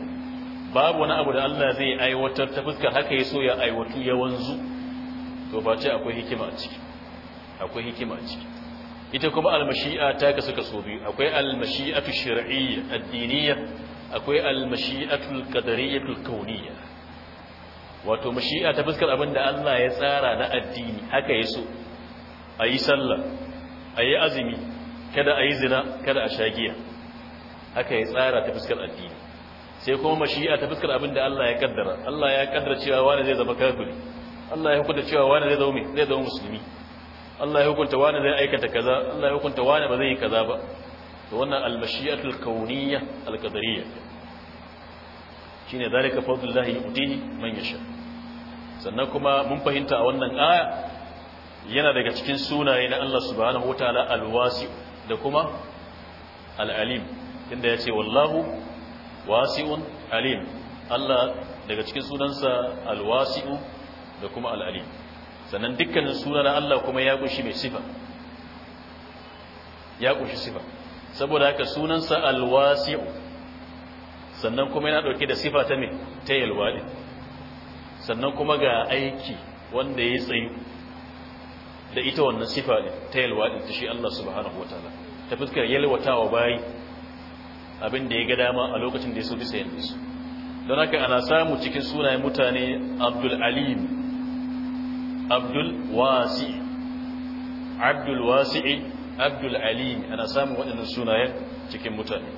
babu wani abu da Allah zai aiwatar ta fuskar haka ya so ya aiwatu ya wanzu to ba ce akwai hikima a ciki akwai hikima a ciki ita kuma almashi'a ta kasu kaso biyu akwai almashi'atu shar'iyya addiniya akwai almashi'atu qadariyatu kauniyya wato mashi'a ta fuskar abin da Allah ya tsara na addini haka ya yaso ayi sallah ayi azumi kada ayi zina kada a shagiya haka ya tsara ta fuskar addini sai kuma mashi'a ta fuskar abin da Allah ya kaddara Allah ya kaddara cewa wani zai zama kafiri Allah ya hukunta cewa wani zai zama zai zama musulmi Allah ya hukunta wani zai aikata kaza Allah ya hukunta wani ba zai yi kaza ba to wannan al-mashi'atul kauniyya al-qadariyya shine zalika fadlullahi yu'tihi man yasha sannan kuma mun fahimta a wannan aya yana daga cikin sunaye na Allah subhanahu wataala al-wasi da kuma al-alim inda yace wallahu wasi'un alim Allah daga cikin sunansa al-wasi'u da kuma al-alim sannan dukkanin suna na Allah kuma ya kunshi mai sifa ya kunshi sifa saboda haka sunansa alwasi'u sannan kuma yana dauke da sifa ta mai ta yalwadi sannan kuma ga aiki wanda ya tsayu da ita wannan sifa ne ta yalwadi ta shi Allah subhanahu wataala ta fuskar yalwatawa bayi abin da ya ga dama a lokacin da ya so bisa yanzu. don haka ana samu cikin sunayen mutane abdul alim abdul wasi abdul wasi abdul alim ana samun waɗannan sunaye cikin mutane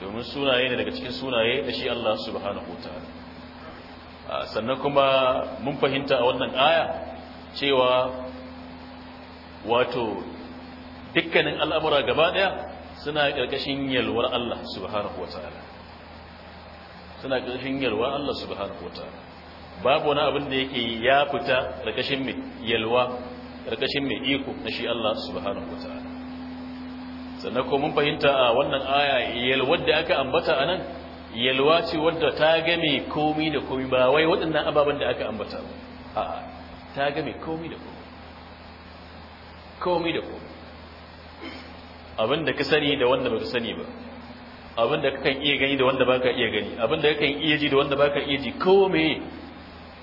domin sunaye ne daga cikin sunaye da shi Allah subhanahu wataala sannan kuma mun fahimta a wannan aya cewa wato dukkanin al'amura gaba ɗaya suna ƙarƙashin yalwar Allah subhanahu wataala suna ƙarƙashin yalwar Allah subhanahu wataala babu wani abin da yake ya fita rakashin mai yalwa rakashin mai iko na shi Allah subhanahu wa ta'ala sannan ko mun fahimta a wannan aya yalwar da aka ambata a nan yalwa ce wadda ta game komi da komi ba wai waɗannan ababen da aka ambata a ta game komi da komi komi da komi abin da ka sani da wanda baka sani ba abin da kakan iya gani da wanda baka iya gani abin da kakan iya ji da wanda baka iya ji komai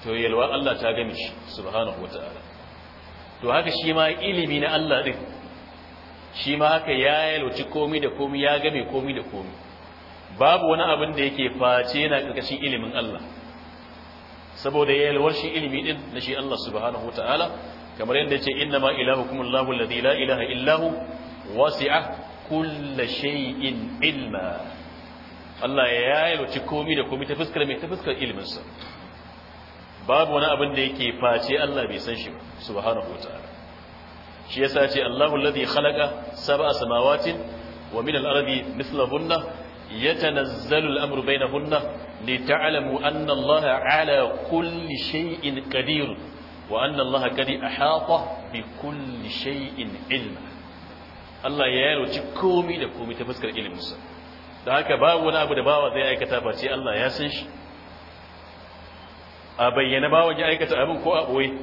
to yalwa Allah ta gani shi subhanahu wata'ala to haka shi ma ilimi na Allah din shi ma haka ya yalwaci komai da komai ya game komai da komai babu wani abin da yake face yana karkashin ilimin Allah saboda yalwar shi ilimi din na shi Allah subhanahu wata'ala kamar yadda ce, inna ma ilahukum Allahu alladhi la ilaha Illahu, hu wasi'a kulli shay'in ilma Allah ya yalwaci komai da komai ta fuskar mai ta fuskar iliminsa babu wani abin da yake face Allah bai san shi ba subhanahu wataala shi yasa ce Allahu alladhi khalaqa sab'a samawatin wa min al-ardi mithlahunna yatanazzalu al-amru bainahunna lita'lamu anna Allaha 'ala kulli shay'in qadir wa anna Allaha qad ahata bi kulli shay'in ilma Allah ya yarwaci komai da komai ta fuskar iliminsa da haka babu wani abu da bawa zai aikata face Allah ya san shi a bayyana bawan ya aikata abin ko a ɓoye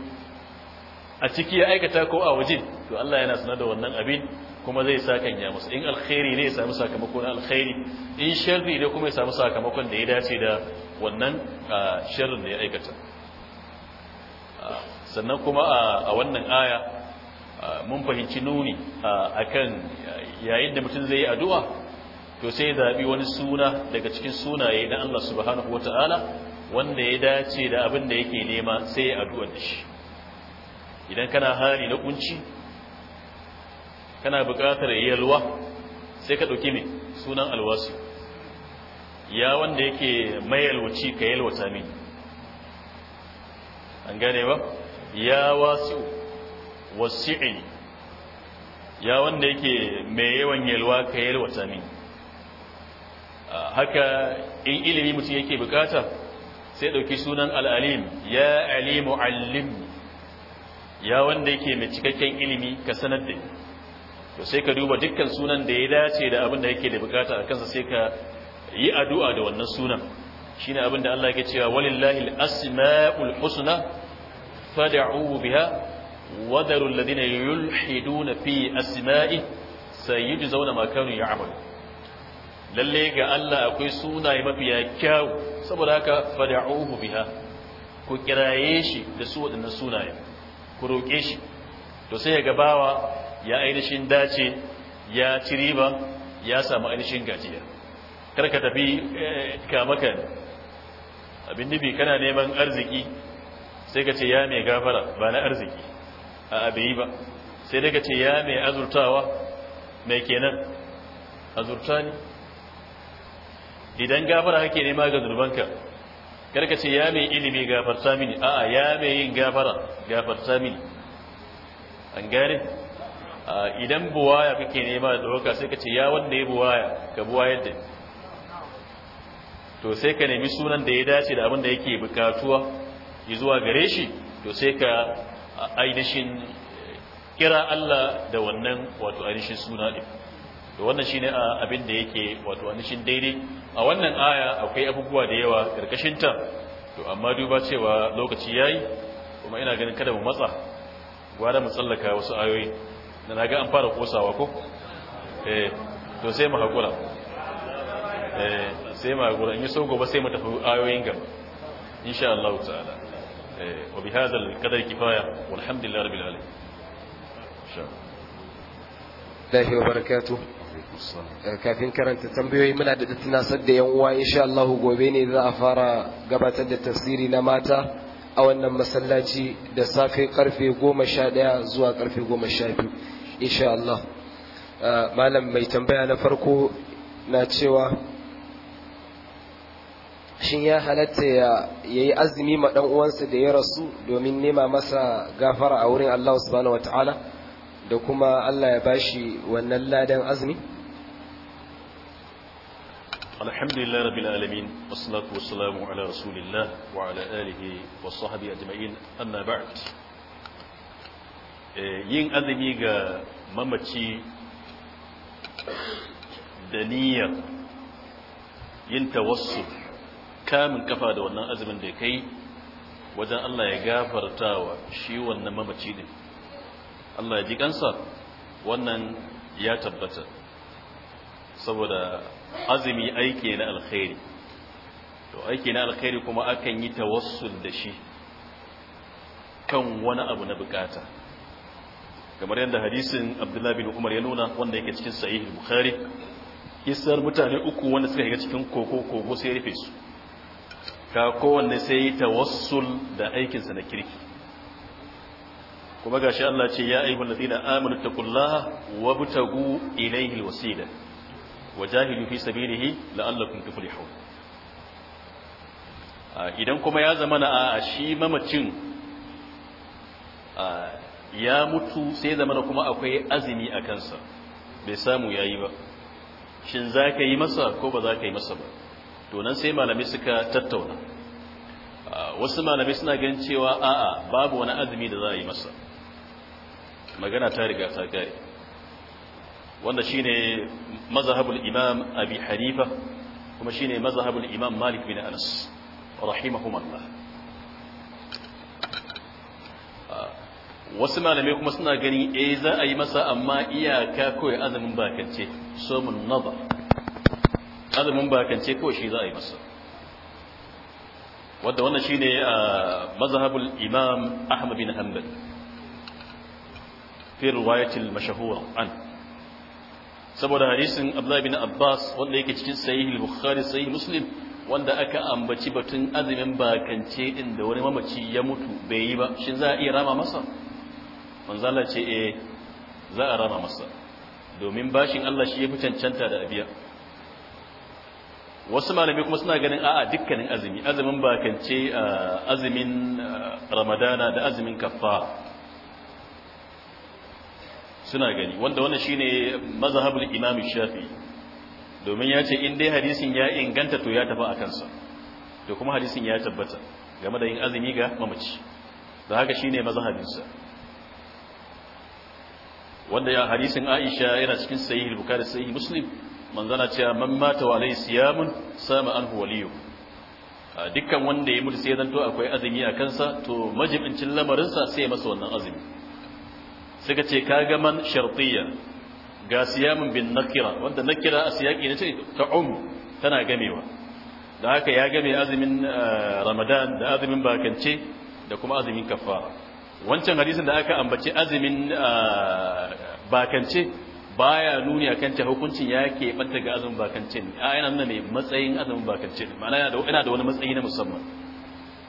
a ciki ya aikata ko a waje to Allah yana sanar da wannan abin kuma zai sakanya musu in alkhairi ne ya samu sakamakon alkhairi in sharri ne kuma ya samu sakamakon da ya dace da wannan sharrin da ya aikata sannan kuma a wannan aya mun fahimci nuni kan yayin da mutum zai yi addu'a to sai zaɓi wani suna daga cikin sunaye na Allah subhanahu wata'ala wanda ya dace da abin da yake nema sai ya addu'a da shi idan kana hali na kunci kana buƙatar yalwa sai ka ɗauki mai sunan alwasi ya wanda yake mai yalwaci ka yalwata min an gane ba ya wasu wasi'ini ya wanda yake mai yawan yalwa ka yalwata min haka in ilimi mutum yake bukata sai ɗauki sunan al'alim ya alimu allim ya wanda yake mai cikakken ilimi ka sanar da to sai ka duba dukkan sunan da ya dace da abin da yake da bukata a kansa sai ka yi addu'a da wannan sunan shi ne abin da Allah yake cewa walillahi al'asma'ul husna fada'uhu biha wadarul ladina yulhiduna fi asma'i sai zauna makarin ya lalle ga Allah akwai sunaye mafiya kyau saboda haka fad'uhu biha ku kiraye shi da su waɗannan sunaye ku roke shi to sai ya gabawa ya ainihin dace ya ci ya samu ainihin gajiya karka tafi eh, ka maka abin nufi kana neman arziki sai ka ce ya mai gafara ba na arziki a abiyi ba sai daga ce ya mai azurtawa mai kenan azurta ne idan gafara kake nema ga zurbanka karka ce ya mai ilimi gafarta mini a'a ya mai yin gafara gafarta mini an gane idan buwaya kake nema da ɗauka sai ka ce ya wanda ya buwaya ka buwa da to sai ka nemi sunan da ya dace da abin da yake bukatuwa zuwa gare shi to sai ka ainihin kira Allah da wannan wato ainihin suna ne. to wannan shine abin da yake wato ainihin daidai a wannan aya akwai abubuwa da yawa ta to amma duba cewa lokaci yayi kuma ina ganin kada mu matsa gwada mu tsallaka wasu ayoyi da naga an fara kosawa ko eh to sai mu hakura eh sai mu hakura in so gobe sai mu tafi ayoyin gaba insha Allah ta'ala eh wa bihadha al-qadar kifaya walhamdulillahi rabbil alamin insha Allah الله وبركاته Eh, kafin karanta tambayoyi muna da tunasar da yan uwa insha Allah gobe ne za a fara gabatar da tasiri na mata a wannan masallaci da safe karfe 11 zuwa karfe 12 insha Allah eh, malam mai tambaya na farko na cewa shin ya halatta ya yi azumi ma dan uwansa da ya rasu domin nema masa gafara a wurin Allah subhanahu wataala da kuma Allah ya bashi wannan ladan azumi الحمد لله alamin العالمين والصلاة والسلام على رسول الله وعلى آله والصحبه أجمعين أما بعد yin azumi ga mamaci da niyyar yin tawassu kamun kafa da wannan azumin da kai wajen Allah ya gafartawa shi wannan mamaci din Allah ya ji kansa wannan ya tabbata saboda azumi aiki na alkhairi to aiki na alkhairi kuma akan yi tawassul da shi kan wani abu na bukata kamar yadda hadisin abdullahi bin umar ya nuna wanda yake cikin sahih bukhari kisar mutane uku wanda suka shiga cikin koko koko sai rufe su ka kowanne sai yi tawassul da aikinsa na kirki kuma gashi Allah ce ya ayyuhal ladina amanu taqullaha wabtagu ilayhi alwasila wajahidu fi sabilihi la'allakum tuflihun idan kuma ya zama na a shi mamacin ya mutu sai zama na kuma akwai azumi a kansa bai samu yayi ba shin za ka yi masa ko ba za ka yi masa ba to nan sai malamai suka tattauna wasu malamai suna ganin cewa a'a babu wani azumi da za a yi masa magana ta riga ta gari wanda shine mazhabul imam abi hanifa kuma shine mazhabul imam malik bin anas rahimahumullah wasu malamai kuma suna gani eh za a yi masa amma iyaka kawai azumin bakance somun nazar azumin bakance kawai shi za a yi masa wadda wannan shine mazhabul imam ahmad bin hanbal fi riwayatil mashhura an saboda hadisin Abdullah bin Abbas wanda yake cikin sahih al-Bukhari sahih Muslim wanda aka ambaci batun azumin bakance din da wani mamaci ya mutu bai yi ba shin za a iya rama masa manzo Allah ce eh za a rama masa domin bashin Allah shi yafi cancanta da abiya wasu malami kuma suna ganin a'a dukkanin azumi azumin bakance ah, azumin ah, ramadana da azumin kaffara suna gani wanda wannan shine mazhabul imam shafi domin yace in dai hadisin ya inganta to ya tafi a kansa to kuma hadisin ya tabbata game da yin azumi ga mamaci da haka shine mazhabinsa wanda ya hadisin Aisha yana cikin sahih bukhari sahih muslim manzana cewa man mata wa alai siyamun sama anhu waliyu dukkan wanda ya mutu sai zanto akwai azumi a kansa to majibincin sa sai masa wannan azumi suka ce kaga man shartiyya ga siyamun bin nakira wanda nakira a siyaki na ce ta um tana gamewa da haka ya game azumin eh, ramadan da azumin bakance da kuma azumin kafara wancan hadisin da aka ambace azumin eh, bakance baya nuni akan ta hukuncin ya ke banta ga azumin bakance ne a yana nuna ne matsayin azumin bakance ne ma'ana yana da wani matsayi na musamman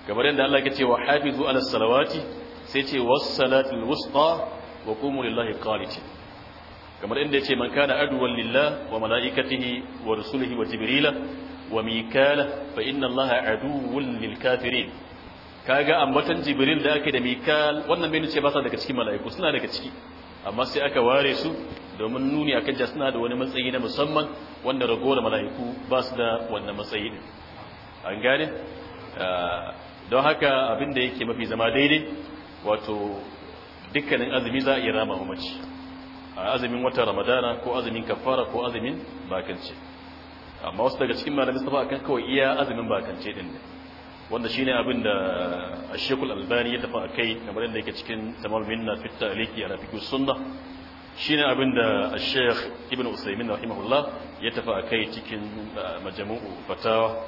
kamar yadda Allah ya ce wa hafizu ala salawati sai ce was salatul wusta wa qumu lillahi qanitin kamar inda yace man kana aduwan lillah wa malaikatihi wa rusulihi wa jibrila wa mikala fa inna allaha aduwwun lil kafirin kaga ambatan jibril da ake da mikal wannan bai ce ba sa daga cikin malaiku suna daga ciki amma sai aka ware su domin nuni akan ja suna da wani matsayi na musamman wanda ragowar malaiku ba su da wannan matsayi an gane ah, don haka abin da yake mafi zama daidai wato dukkanin azumi za a iya rama mamaci a azumin wata ramadana ko azumin kafara ko azumin bakance amma wasu daga cikin malamin safa akan kawai iya azumin bakance din ne wanda shine abin da Sheikhul Albani ya tafi akai kamar yadda yake cikin Tamal Minna fi aliki ala Fiqh Sunnah shine abin da Sheikh Ibn Usaymin rahimahullah ya tafi akai cikin eh, majamu'u Fatawa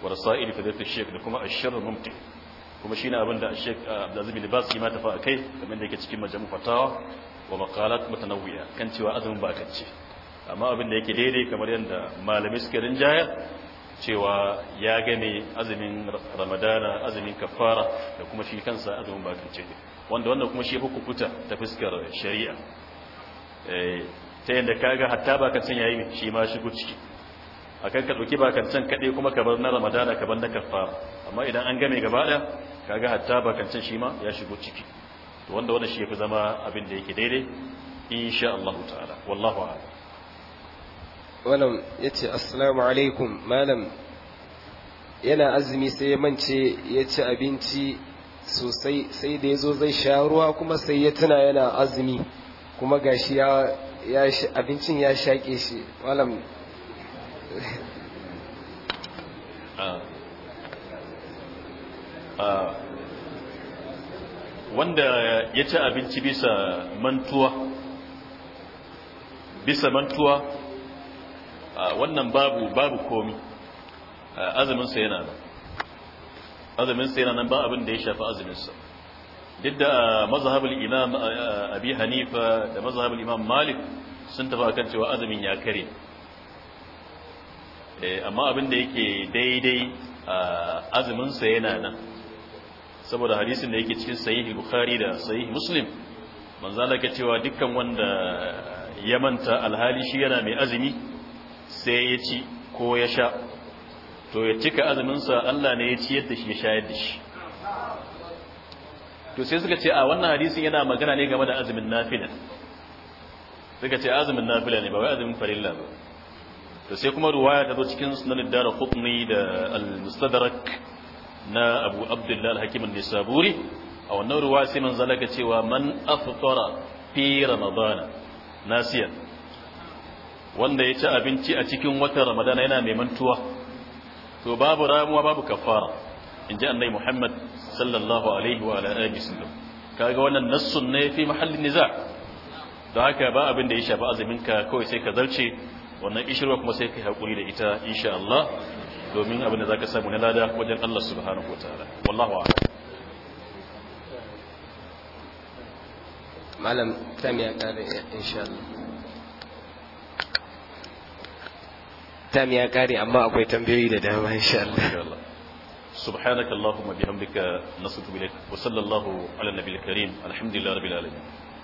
wa Rasail Fadail da kuma Ash-Sharh kuma shine abin da Sheikh uh, Abdulaziz bin Bas ma tafa kai kamar da yake cikin majmu fatawa wa maqalat mutanawwiya kan cewa azumin ba kacce amma abin da yake daidai kamar yadda malamai suka rinjaya cewa ya gane azumin Ramadana azumin kafara da kuma shi kansa azumin ba kacce wanda wannan kuma shi hukukuta ta fuskar shari'a eh, ta yadda kaga hatta ba kan yayi shi ma shigo ciki akan ka dauki ba kan san kade kuma ka bar na Ramadana ka bar na kafara amma idan an game gaba daya kaga hatta bakancin shi ma ya shigo ciki to wanda wannan shi yafi zama abin da yake daidai insha Allah ta'ala wallahu a'lam wannan yace assalamu alaikum malam yana azumi sai ya mance ya ci abinci sosai sai da ya zo zai sha ruwa kuma sai ya tana yana azumi kuma gashi ya abincin ya shaƙe shi malam ah. Ah, wanda ya ci abinci bisa mantuwa bisa mantuwa ah, wannan babu babu komi ah, azuminsa yana nan azuminsa yana nan ba abin da ya shafi azuminsa duk da mazhabul imam abi hanifa da mazhabul imam malik sun tafi akan cewa azumin ya kare eh, amma abin da yake daidai azuminsa yana nan saboda hadisin da yake cikin sahihi bukhari da sahihi muslim manzo Allah cewa dukkan wanda ya manta alhali shi yana mai azumi sai ya ci ko ya sha to ya cika sa Allah ne ya ci yadda shi ya shayar da shi to sai suka ce a wannan hadisin yana magana ne game da azumin nafila suka ce azumin nafila ne ba wai azumin farilla ba to sai kuma ruwaya ta zo cikin sunan ad-darqutni da al-mustadrak na abu Abdullal al-hakim nisaburi a wannan ruwa sai man zalaka cewa man aftara fi ramadana nasiya wanda ya ci abinci a cikin watan ramadana yana mai mantuwa to babu ramuwa babu kafara in ji annabi muhammad sallallahu alaihi wa alihi wasallam kaga wannan nassun ne fi mahallin niza da haka ba abin da ya shafi azumin ka kawai sai ka zarce wannan ishirwa kuma sai ka hakuri da ita insha Allah domin abin da za ka samu na lada wajen Allah subhanahu wa ta'ala wallahu a'lam malam tam ya kare insha Allah tam ya kare amma akwai tambayoyi da dama insha Allah سبحانك اللهم وبحمدك نصرت إليك وصلى الله على النبي الكريم الحمد لله رب العالمين